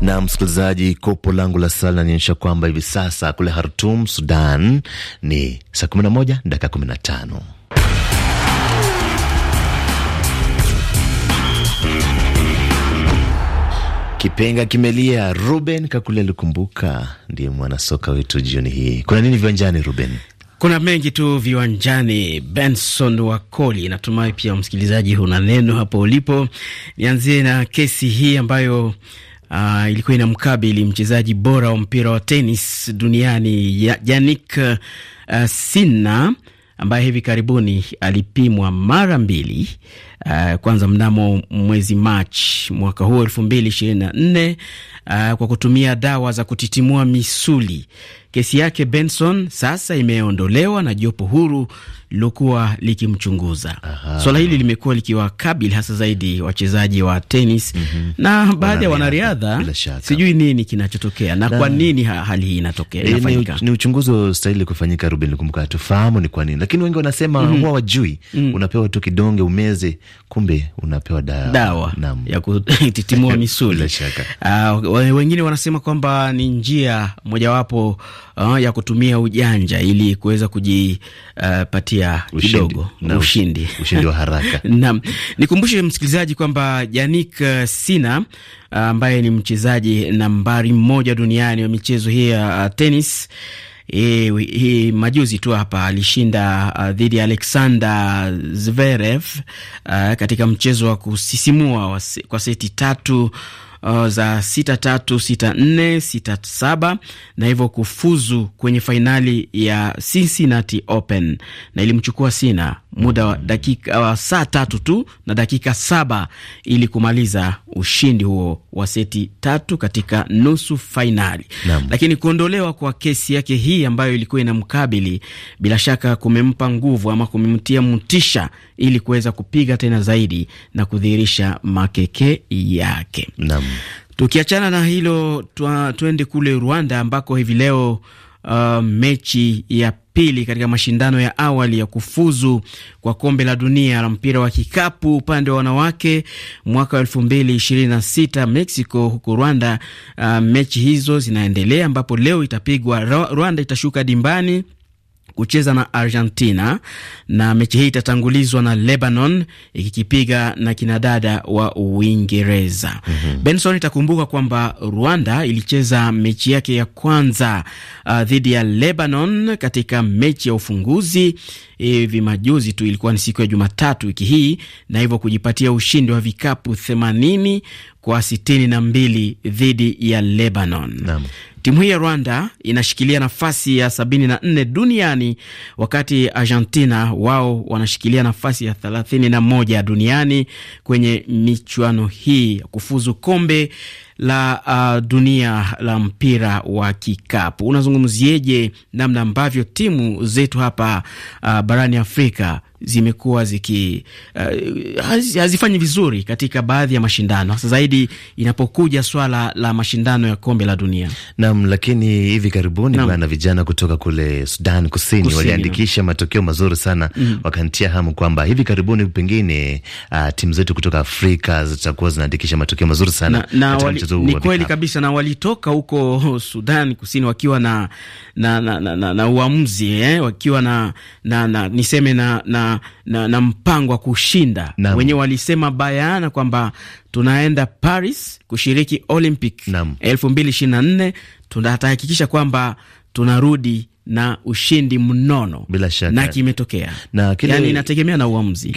Na msikilizaji, kopo langu la sala linaonyesha kwamba hivi sasa kule Khartoum, Sudan ni saa 11 dakika 15. Kipenga kimelia. Ruben Kakule alikumbuka, ndiye mwanasoka wetu jioni hii. Kuna nini viwanjani, Ruben? Kuna mengi tu viwanjani. Benson Wakoli, natumai pia msikilizaji huna neno hapo ulipo. Nianzie na kesi hii ambayo Uh, ilikuwa inamkabili mchezaji bora wa mpira wa tenis duniani Jannik uh, ah, Sinner ambaye hivi karibuni alipimwa mara mbili uh, kwanza mnamo mwezi Machi mwaka huu elfu mbili ishirini na nne uh, kwa kutumia dawa za kutitimua misuli. Kesi yake Benson sasa imeondolewa na jopo huru lilokuwa likimchunguza. Swala hili limekuwa likiwakabili hasa zaidi wachezaji wa tenis mm -hmm. na baadhi ya wanariadha. Sijui nini kinachotokea na, na kwa nini hali hii inatokea e, ni, ni uchunguzi ustahili kufanyika. Ruben likumbuka, tufahamu ni kwa nini, lakini wengi wanasema mm -hmm. huwa wajui mm -hmm. unapewa tu kidonge umeze, kumbe unapewa dawa, dawa ya kutitimua misuli uh, wengine wanasema kwamba ni njia mojawapo uh, ya kutumia ujanja ili kuweza kujipatia uh, kupatia kidogo ushindi, ushindi. ushindi wa haraka naam. Nikumbushe msikilizaji kwamba Janik uh, Sina uh, ambaye ni mchezaji nambari moja duniani wa michezo hii ya uh, tenis e, hii majuzi tu hapa alishinda uh, dhidi ya Alexander Zverev uh, katika mchezo wa kusisimua wa, kwa seti tatu uh, za sita tatu sita 4 sita 7 na hivyo kufuzu kwenye fainali ya Cincinnati Open na ilimchukua Sina muda wa dakika wa saa tatu tu na dakika saba ili kumaliza ushindi huo wa seti tatu katika nusu fainali. Lakini kuondolewa kwa kesi yake hii ambayo ilikuwa inamkabili, bila shaka kumempa nguvu ama kumemtia mtisha ili kuweza kupiga tena zaidi na kudhihirisha makeke yake. Naam. Tukiachana na hilo tuende kule Rwanda ambako hivi leo uh, mechi ya pili katika mashindano ya awali ya kufuzu kwa kombe la dunia la mpira wa kikapu upande wa wanawake mwaka wa elfu mbili ishirini na sita Mexico huko Rwanda. Uh, mechi hizo zinaendelea ambapo leo itapigwa Rwanda itashuka dimbani kucheza na Argentina, na mechi hii itatangulizwa na Lebanon ikikipiga na kinadada wa Uingereza. mm -hmm. Benson, itakumbuka kwamba Rwanda ilicheza mechi yake ya kwanza uh, dhidi ya Lebanon katika mechi ya ufunguzi hivi majuzi tu, ilikuwa ni siku ya Jumatatu wiki hii, na hivyo kujipatia ushindi wa vikapu 80 kwa 62 dhidi ya Lebanon. Naam. Timu hii ya Rwanda inashikilia nafasi ya 74 duniani wakati Argentina wao wanashikilia nafasi ya 31 duniani kwenye michuano hii kufuzu kombe la uh, dunia la mpira wa kikapu. Unazungumzieje namna ambavyo timu zetu hapa uh, barani Afrika zimekuwa ziki uh, hazifanyi vizuri katika baadhi ya mashindano hasa zaidi inapokuja swala la mashindano ya kombe la dunia. Naam, lakini hivi karibuni bana, vijana kutoka kule Sudan Kusini, Kusini waliandikisha matokeo mazuri sana mm, wakantia hamu kwamba hivi karibuni pengine uh, timu zetu kutoka Afrika zitakuwa zinaandikisha matokeo mazuri sana na, na wali, ni kweli kabisa, na walitoka huko Sudan Kusini wakiwa na na na, na, na, na uamuzi eh, wakiwa na, na, na niseme na, na na, na, mpango wa kushinda. Wenyewe walisema bayana kwamba tunaenda Paris kushiriki Olympic nne tunatahakikisha kwamba tunarudi na ushindi mnono bila shaka, na kimetokea na kile, yani inategemea na uamuzi.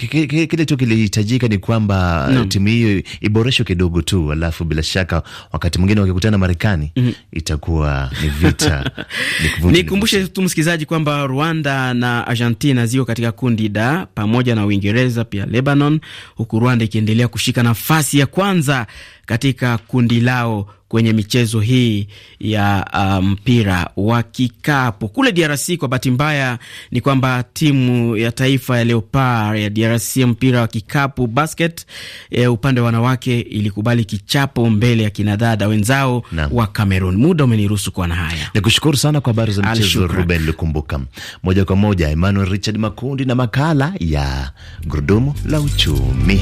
Kile tu kilihitajika ni kwamba no. Eh, timu hiyo iboreshwe kidogo tu, alafu bila shaka wakati mwingine wakikutana Marekani mm -hmm. itakuwa ni vita. Nikumbushe tu msikilizaji kwamba Rwanda na Argentina ziko katika kundi da pamoja na Uingereza pia Lebanon, huku Rwanda ikiendelea kushika nafasi ya kwanza katika kundi lao kwenye michezo hii ya uh, mpira wa kikapu kule DRC. Kwa bahati mbaya ni kwamba timu ya taifa ya Leopard ya DRC ya mpira wa kikapu basket, e, upande wa wanawake ilikubali kichapo mbele ya kinadada wenzao na wa Cameroon. Muda umeniruhusu kuwa na haya, kushukuru sana kwa habari za mchezo Ruben Lukumbuka. Moja kwa moja Emmanuel Richard Makundi na makala ya gurudumu la uchumi.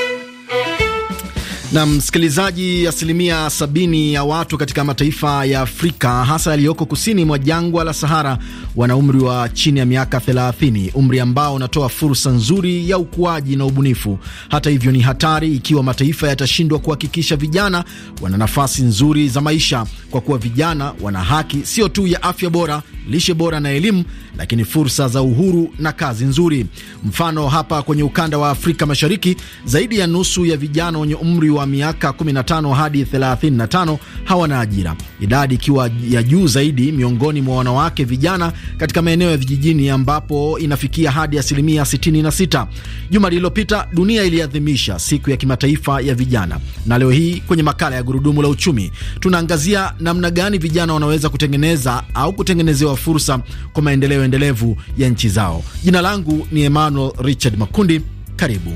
Na msikilizaji, asilimia sabini ya watu katika mataifa ya Afrika hasa yaliyoko kusini mwa jangwa la Sahara wana umri wa chini ya miaka 30, umri ambao unatoa fursa nzuri ya ukuaji na ubunifu. Hata hivyo, ni hatari ikiwa mataifa yatashindwa kuhakikisha vijana wana nafasi nzuri za maisha, kwa kuwa vijana wana haki sio tu ya afya bora, lishe bora na elimu, lakini fursa za uhuru na kazi nzuri. Mfano, hapa kwenye ukanda wa Afrika Mashariki, zaidi ya nusu ya vijana wenye umri wa wa miaka 15 hadi 35 hawana ajira, idadi ikiwa ya juu zaidi miongoni mwa wanawake vijana katika maeneo ya vijijini ambapo inafikia hadi asilimia 66. Juma lililopita dunia iliadhimisha siku ya kimataifa ya vijana, na leo hii kwenye makala ya gurudumu la uchumi tunaangazia namna gani vijana wanaweza kutengeneza au kutengenezewa fursa kwa maendeleo endelevu ya nchi zao. Jina langu ni Emmanuel Richard Makundi. Karibu.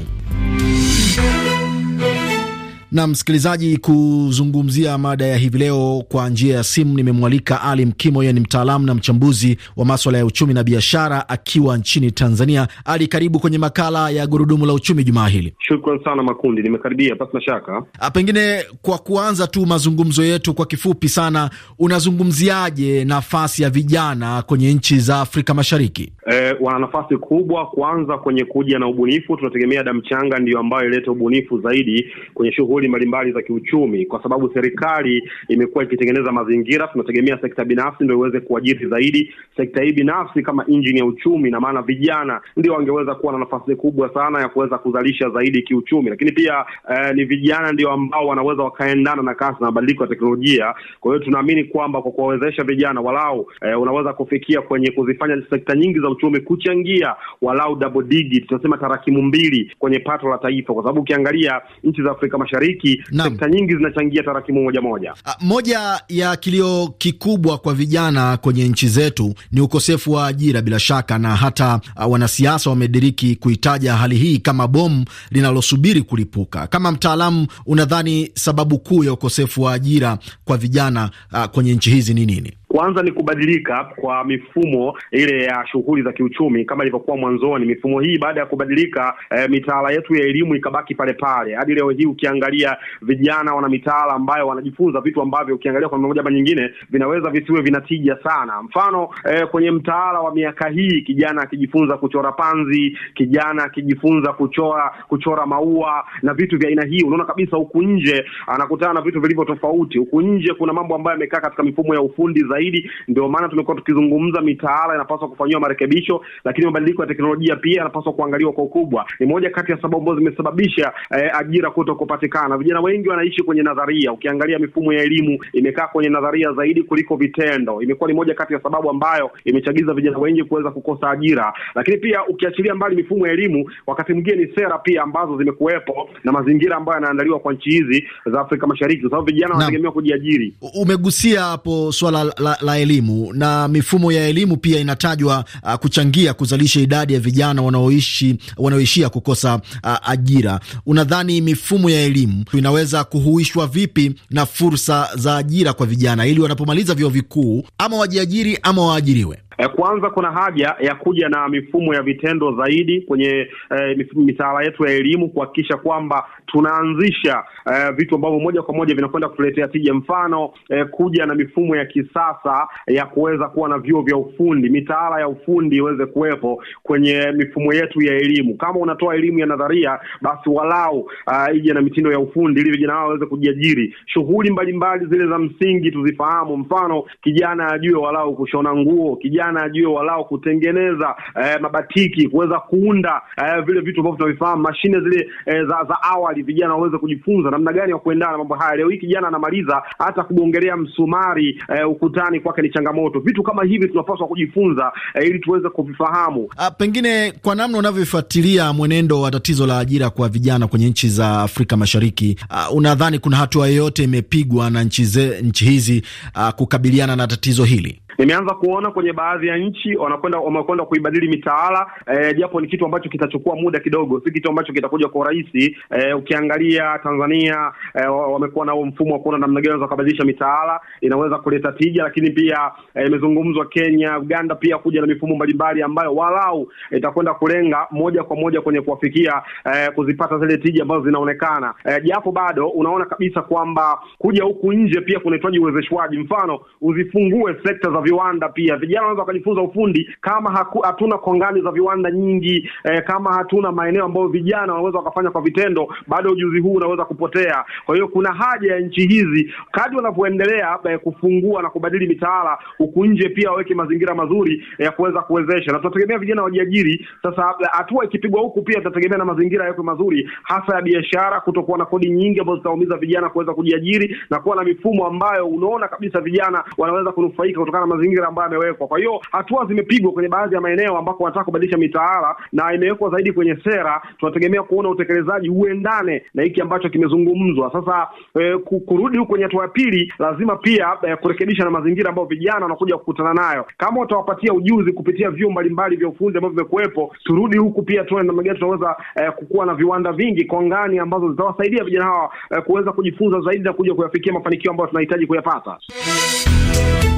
Na msikilizaji, kuzungumzia mada ya hivi leo kwa njia ya simu nimemwalika Ali Mkimo. Yeye ni mtaalamu na mchambuzi wa maswala ya uchumi na biashara akiwa nchini Tanzania. Ali, karibu kwenye makala ya gurudumu la uchumi jumaa hili. Shukran sana Makundi, nimekaribia pasina shaka. A, ah, pengine kwa kuanza tu mazungumzo yetu kwa kifupi sana, unazungumziaje nafasi ya vijana kwenye nchi za Afrika Mashariki? E, wana nafasi kubwa, kwanza kwenye kuja na ubunifu. Tunategemea damu changa ndiyo ambayo ileta ubunifu zaidi kwenye shughuli shughuli mbalimbali za kiuchumi, kwa sababu serikali imekuwa ikitengeneza mazingira. Tunategemea sekta binafsi ndio iweze kuajiri zaidi. Sekta hii binafsi kama injini ya uchumi, na maana vijana ndio wangeweza kuwa na nafasi kubwa sana ya kuweza kuzalisha zaidi kiuchumi, lakini pia eh, ni vijana ndio ambao wanaweza wakaendana na kasi na mabadiliko ya teknolojia. Kwa hiyo tunaamini kwamba kwa kuwawezesha vijana walau eh, unaweza kufikia kwenye kuzifanya sekta nyingi za uchumi kuchangia walau double digit, tunasema tarakimu mbili kwenye pato la taifa, kwa sababu ukiangalia nchi za Afrika Mashariki Mashariki, sekta nyingi zinachangia tarakimu moja moja. A, ah, moja ya kilio kikubwa kwa vijana kwenye nchi zetu ni ukosefu wa ajira bila shaka, na hata ah, wanasiasa wamediriki kuitaja hali hii kama bomu linalosubiri kulipuka. Kama mtaalamu, unadhani sababu kuu ya ukosefu wa ajira kwa vijana ah, kwenye nchi hizi ni nini? Kwanza ni kubadilika kwa mifumo ile ya shughuli za kiuchumi kama ilivyokuwa mwanzoni. Mifumo hii baada ya kubadilika, e, mitaala yetu ya elimu ikabaki pale pale. Hadi leo hii ukiangalia, vijana wana mitaala ambayo wanajifunza vitu ambavyo ukiangalia kwa mmoja ama nyingine vinaweza visiwe vinatija sana. Mfano e, kwenye mtaala wa miaka hii, kijana akijifunza kuchora panzi, kijana akijifunza kuchora kuchora maua na vitu vya aina hii, unaona kabisa huku nje anakutana na vitu vilivyo tofauti. Huku nje kuna mambo ambayo yamekaa katika mifumo ya ufundi zaidi zaidi. Ndio maana tumekuwa tukizungumza, mitaala inapaswa kufanyiwa marekebisho, lakini mabadiliko ya teknolojia pia yanapaswa kuangaliwa kwa ukubwa. Ni moja kati ya sababu ambazo zimesababisha eh, ajira kuto kupatikana. Vijana wengi wanaishi kwenye nadharia. Ukiangalia mifumo ya elimu imekaa kwenye nadharia zaidi kuliko vitendo. Imekuwa ni moja kati ya sababu ambayo imechagiza vijana wengi kuweza kukosa ajira, lakini pia ukiachilia mbali mifumo ya elimu, wakati mwingine ni sera pia ambazo zimekuwepo na mazingira ambayo yanaandaliwa kwa nchi hizi za Afrika Mashariki, kwa sababu vijana wanategemewa kujiajiri. Umegusia hapo swala la la, elimu na mifumo ya elimu pia inatajwa uh, kuchangia kuzalisha idadi ya vijana wanaoishi wanaoishia kukosa uh, ajira. Unadhani mifumo ya elimu inaweza kuhuishwa vipi na fursa za ajira kwa vijana ili wanapomaliza vyuo vikuu ama wajiajiri ama waajiriwe? Eh, kwanza kuna haja ya kuja na mifumo ya vitendo zaidi kwenye eh, mitaala yetu ya elimu kuhakikisha kwamba tunaanzisha eh, vitu ambavyo moja kwa moja vinakwenda kutuletea tija, mfano eh, kuja na mifumo ya kisasa ya kuweza kuwa na vyuo vya ufundi, mitaala ya ufundi iweze kuwepo kwenye mifumo yetu ya elimu. Kama unatoa elimu ya nadharia, basi walau uh, ije na mitindo ya ufundi ili vijana wao waweze kujiajiri. Shughuli mbalimbali zile za msingi tuzifahamu, mfano kijana ajue walau kushona nguo, kijana vijana ajue walao kutengeneza eh, mabatiki kuweza kuunda eh, vile vitu ambavyo tunavifahamu mashine zile eh, za, za awali, vijana waweze kujifunza namna gani ya kuendana na mambo haya. Leo hii kijana anamaliza hata kugongelea msumari eh, ukutani kwake ni changamoto. Vitu kama hivi tunapaswa kujifunza eh, ili tuweze kuvifahamu. Ah, pengine kwa namna unavyofuatilia mwenendo wa tatizo la ajira kwa vijana kwenye nchi za Afrika Mashariki, ah, unadhani kuna hatua yoyote imepigwa na nchi, ze, nchi hizi a, ah, kukabiliana na tatizo hili? Nimeanza kuona kwenye baadhi ya nchi wanakwenda wamekwenda kuibadili mitaala eh, japo ni kitu ambacho kitachukua muda kidogo, si kitu ambacho kitakuja kwa urahisi eh. Ukiangalia Tanzania eh, wamekuwa na mfumo wa kuona namna gani wanaweza kubadilisha mitaala, inaweza kuleta tija, lakini pia eh, imezungumzwa eh, Kenya, Uganda pia kuja na mifumo mbalimbali ambayo walau itakwenda eh, kulenga moja kwa moja kwenye kuwafikia eh, kuzipata zile tija ambazo zinaonekana eh, japo bado unaona kabisa kwamba kuja huku nje pia kunahitaji uwezeshwaji, mfano uzifungue sekta za viwanda pia. Vijana wanaweza wakajifunza ufundi kama haku, hatuna kongani za viwanda nyingi eh, kama hatuna maeneo ambayo vijana wanaweza wakafanya kwa vitendo, bado ujuzi huu unaweza kupotea. Kwa hiyo kuna haja ya nchi hizi kadri wanavyoendelea eh, kufungua na kubadili mitaala huku nje, pia waweke mazingira mazuri ya eh, kuweza kuwezesha, na tutategemea vijana wajiajiri. Sasa eh, hatua ikipigwa huku, pia tutategemea na mazingira yako mazuri, hasa ya biashara, kutokuwa na kodi nyingi ambazo zitaumiza vijana kuweza kujiajiri na kuwa na mifumo ambayo unaona kabisa vijana wanaweza kunufaika kutokana na mazingira ambayo yamewekwa. Kwa hiyo hatua zimepigwa kwenye baadhi ya maeneo ambako wanataka kubadilisha mitaala na imewekwa zaidi kwenye sera. Tunategemea kuona utekelezaji uendane na hiki ambacho kimezungumzwa. Sasa eh, kurudi huko kwenye hatua ya pili, lazima pia eh, kurekebisha na mazingira ambayo vijana wanakuja kukutana nayo. Kama utawapatia ujuzi kupitia vyuo mbalimbali vya ufundi ambavyo vimekuwepo, turudi huku pia tuone namna gani tunaweza eh, kukuwa na viwanda vingi kongani ambazo zitawasaidia vijana hawa eh, kuweza kujifunza zaidi na kuja kuyafikia mafanikio ambayo tunahitaji kuyapata.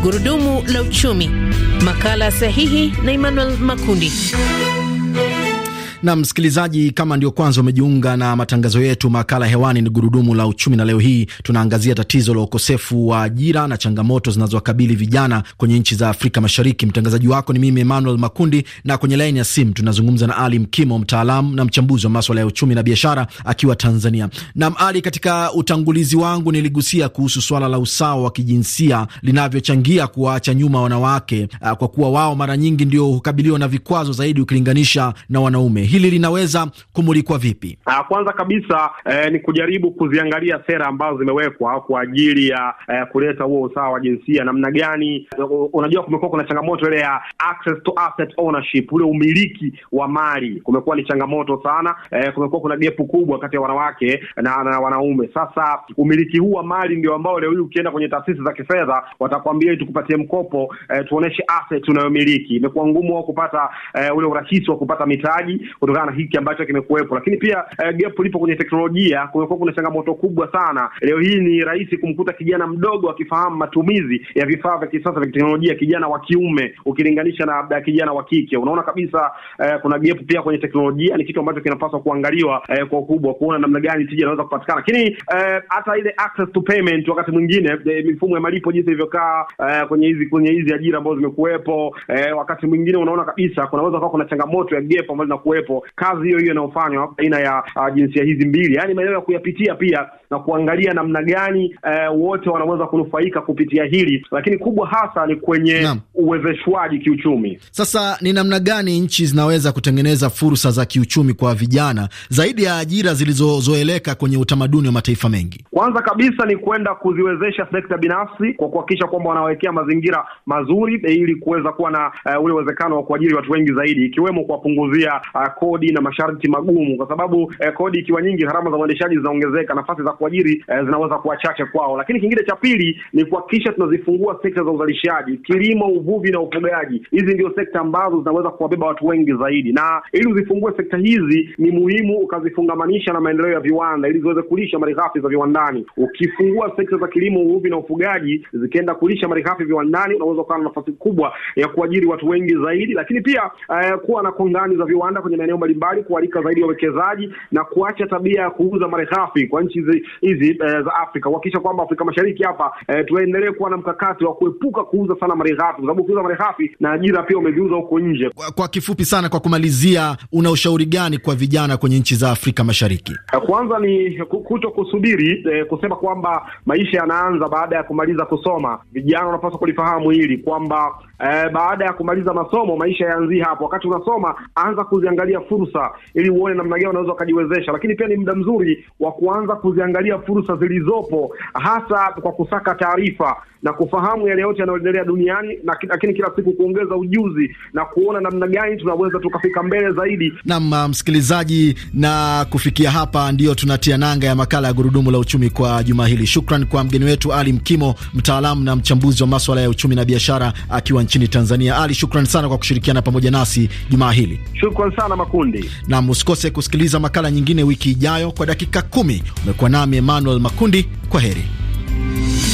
Gurudumu la uchumi, makala sahihi na Emmanuel Makundi. Na msikilizaji, kama ndio kwanza umejiunga na matangazo yetu, makala hewani ni gurudumu la uchumi, na leo hii tunaangazia tatizo la ukosefu wa ajira na changamoto zinazowakabili vijana kwenye nchi za Afrika Mashariki. Mtangazaji wako ni mimi Emmanuel Makundi, na kwenye laini ya simu tunazungumza na Ali Mkimo, mtaalamu na mchambuzi wa maswala ya uchumi na biashara akiwa Tanzania. nam Ali, katika utangulizi wangu niligusia kuhusu swala la usawa wa kijinsia linavyochangia kuwaacha nyuma wanawake, kwa kuwa wao mara nyingi ndio hukabiliwa na vikwazo zaidi ukilinganisha na wanaume hili linaweza kumulikwa vipi? Ah, kwanza kabisa eh, ni kujaribu kuziangalia sera ambazo zimewekwa kwa ajili ya eh, kuleta huo usawa wa jinsia namna gani. Unajua, kumekuwa kuna changamoto ile ya access to asset ownership, ule umiliki wa mali kumekuwa ni changamoto sana. Eh, kumekuwa kuna gepu kubwa kati ya wanawake na, na wanaume. Sasa umiliki huu wa mali ndio ambao leo hii ukienda kwenye taasisi za kifedha watakwambia tukupatie mkopo eh, tuoneshe asset unayomiliki. Imekuwa ngumu wao kupata eh, ule urahisi wa kupata mitaji kutokana na hiki ambacho kimekuwepo, lakini pia eh, gap lipo kwenye teknolojia. Kumekuwa kuna changamoto kubwa sana. Leo hii ni rahisi kumkuta kijana mdogo akifahamu matumizi ya vifaa vya kisasa vya teknolojia, kijana wa kiume ukilinganisha na labda kijana wa kike. Unaona kabisa eh, kuna gap pia kwenye teknolojia, ni kitu ambacho kinapaswa kuangaliwa eh, kwa ukubwa, kuona namna gani tija inaweza kupatikana. Lakini eh, hata eh, ile access to payment, wakati mwingine eh, mifumo ya malipo jinsi ilivyokaa eh, kwenye hizi kwenye hizi ajira ambazo zimekuwepo, eh, wakati mwingine unaona kabisa kunaweza kuwa kuna changamoto ya gap ambayo zinakuwepo kuwepo kazi hiyo hiyo inayofanywa baina ya ah, jinsia hizi mbili, yaani maeneo ya kuyapitia pia na kuangalia namna gani eh, wote wanaweza kunufaika kupitia hili, lakini kubwa hasa ni kwenye uwezeshwaji kiuchumi. Sasa ni namna gani nchi zinaweza kutengeneza fursa za kiuchumi kwa vijana zaidi ya ajira zilizozoeleka kwenye utamaduni wa mataifa mengi? Kwanza kabisa ni kwenda kuziwezesha sekta binafsi kwa kuhakikisha kwamba wanawekea mazingira mazuri eh, ili kuweza kuwa na uh, ule uwezekano wa kuajiri watu wengi zaidi, ikiwemo kuwapunguzia uh, kodi na masharti magumu, kwa sababu uh, kodi ikiwa nyingi, gharama za uendeshaji zinaongezeka, nafasi za kuajiri eh, zinaweza kuwa chache kwao. Lakini kingine cha pili ni kuhakikisha tunazifungua sekta za uzalishaji, kilimo, uvuvi na ufugaji. Hizi ndio sekta ambazo zinaweza kuwabeba watu wengi zaidi, na ili uzifungue sekta hizi ni muhimu ukazifungamanisha na maendeleo ya viwanda ili ziweze kulisha malighafi za viwandani. Ukifungua sekta za kilimo, uvuvi na ufugaji zikienda kulisha malighafi viwandani, unaweza ukawa na nafasi kubwa ya kuajiri watu wengi zaidi, lakini pia eh, kuwa na kongani za viwanda kwenye maeneo mbalimbali, kualika zaidi wawekezaji na kuacha tabia ya kuuza malighafi kwa nchi hizi eh, za Afrika kuhakikisha kwamba Afrika Mashariki hapa eh, tuendelee kuwa na mkakati wa kuepuka kuuza sana malighafi, kwa sababu ukiuza malighafi na ajira pia umeziuza huko nje. Kwa, kwa kifupi sana, kwa kumalizia, una ushauri gani kwa vijana kwenye nchi za Afrika Mashariki? Eh, kwanza ni kuto kusubiri eh, kusema kwamba maisha yanaanza baada ya kumaliza kusoma. Vijana wanapaswa kulifahamu hili kwamba eh, baada ya kumaliza masomo maisha yaanzii hapo. Wakati unasoma, anza kuziangalia fursa ili uone namna gani unaweza ukajiwezesha, lakini pia ni muda mzuri wa kuanza kuziangalia kuangalia fursa zilizopo hasa kwa kusaka taarifa na kufahamu yale yote yanayoendelea duniani, lakini kila siku kuongeza ujuzi na kuona namna gani tunaweza tukafika mbele zaidi. Naam, uh, msikilizaji, na kufikia hapa ndiyo tunatia nanga ya makala ya Gurudumu la Uchumi kwa juma hili. Shukran kwa mgeni wetu Ali Mkimo, mtaalamu na mchambuzi wa maswala ya uchumi na biashara, akiwa nchini Tanzania. Ali, shukran sana kwa kushirikiana pamoja nasi jumaa hili. Shukran sana Makundi, na usikose kusikiliza makala nyingine wiki ijayo kwa dakika kumi. Umekuwa nami nami Emmanuel Makundi, kwa heri.